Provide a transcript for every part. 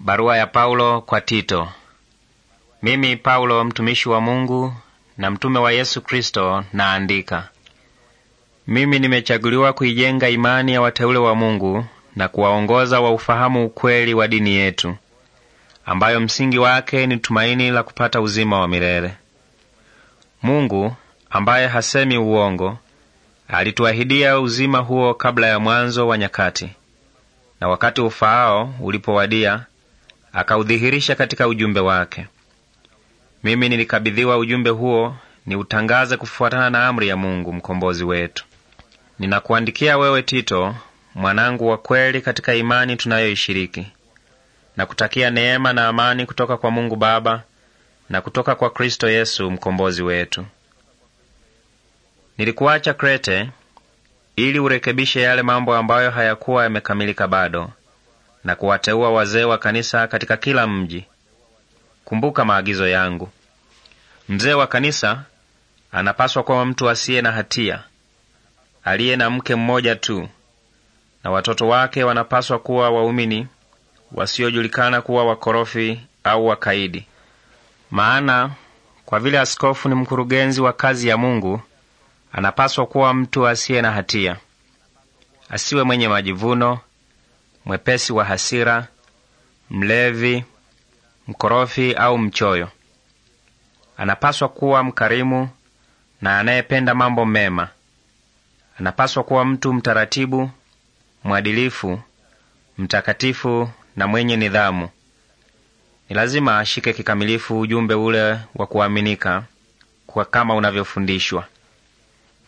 Barua ya Paulo kwa Tito. Mimi Paulo mtumishi wa Mungu na mtume wa Yesu Kristo naandika. Mimi nimechaguliwa kuijenga imani ya wateule wa Mungu na kuwaongoza wa ufahamu ukweli wa dini yetu, ambayo msingi wake ni tumaini la kupata uzima wa milele. Mungu ambaye hasemi uongo alituahidia uzima huo kabla ya mwanzo wa nyakati, na wakati ufaao ulipowadia akaudhihirisha katika ujumbe wake. Mimi nilikabidhiwa ujumbe huo niutangaze kufuatana na amri ya Mungu mkombozi wetu. Ninakuandikia wewe Tito, mwanangu wa kweli katika imani tunayoishiriki, na kutakia neema na amani kutoka kwa Mungu Baba na kutoka kwa Kristo Yesu mkombozi wetu. Nilikuacha Krete ili urekebishe yale mambo ambayo hayakuwa yamekamilika bado, na kuwateua wazee wa kanisa katika kila mji. Kumbuka maagizo yangu. Mzee wa kanisa anapaswa kuwa mtu asiye na hatia, aliye na mke mmoja tu, na watoto wake wanapaswa kuwa waumini wasiojulikana kuwa wakorofi au wakaidi. Maana kwa vile askofu ni mkurugenzi wa kazi ya Mungu, anapaswa kuwa mtu asiye na hatia, asiwe mwenye majivuno mwepesi wa hasira, mlevi, mkorofi au mchoyo. Anapaswa kuwa mkarimu na anayependa mambo mema. Anapaswa kuwa mtu mtaratibu, mwadilifu, mtakatifu na mwenye nidhamu. Ni lazima ashike kikamilifu ujumbe ule wa kuaminika kwa kama unavyofundishwa.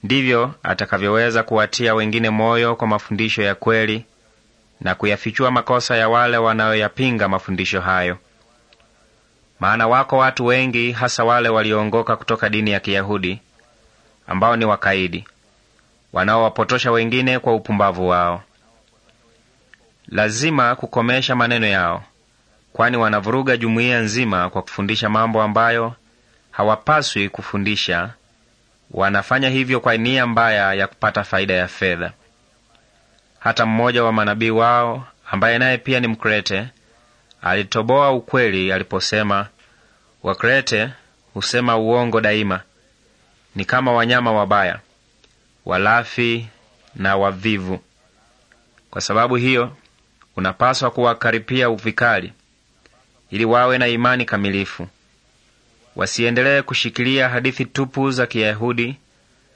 Ndivyo atakavyoweza kuwatia wengine moyo kwa mafundisho ya kweli na kuyafichua makosa ya wale wanayoyapinga mafundisho hayo. Maana wako watu wengi, hasa wale walioongoka kutoka dini ya Kiyahudi, ambao ni wakaidi, wanaowapotosha wengine kwa upumbavu wao. Lazima kukomesha maneno yao, kwani wanavuruga jumuiya nzima kwa kufundisha mambo ambayo hawapaswi kufundisha. Wanafanya hivyo kwa nia mbaya ya kupata faida ya fedha. Hata mmoja wa manabii wao ambaye naye pia ni Mkrete alitoboa ukweli aliposema, Wakrete husema uongo daima, ni kama wanyama wabaya, walafi na wavivu. Kwa sababu hiyo unapaswa kuwakaripia uvikali ili wawe na imani kamilifu, wasiendelee kushikilia hadithi tupu za Kiyahudi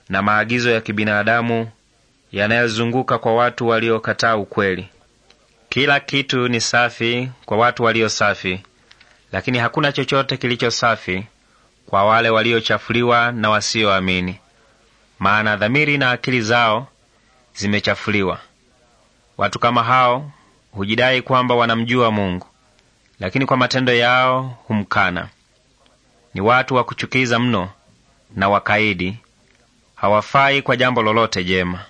na maagizo ya kibinadamu yanayozunguka kwa watu waliokataa ukweli. Kila kitu ni safi kwa watu walio safi, lakini hakuna chochote kilicho safi kwa wale waliochafuliwa na wasioamini, maana dhamiri na akili zao zimechafuliwa. Watu kama hao hujidai kwamba wanamjua Mungu, lakini kwa matendo yao humkana. Ni watu wa kuchukiza mno na wakaidi, hawafai kwa jambo lolote jema.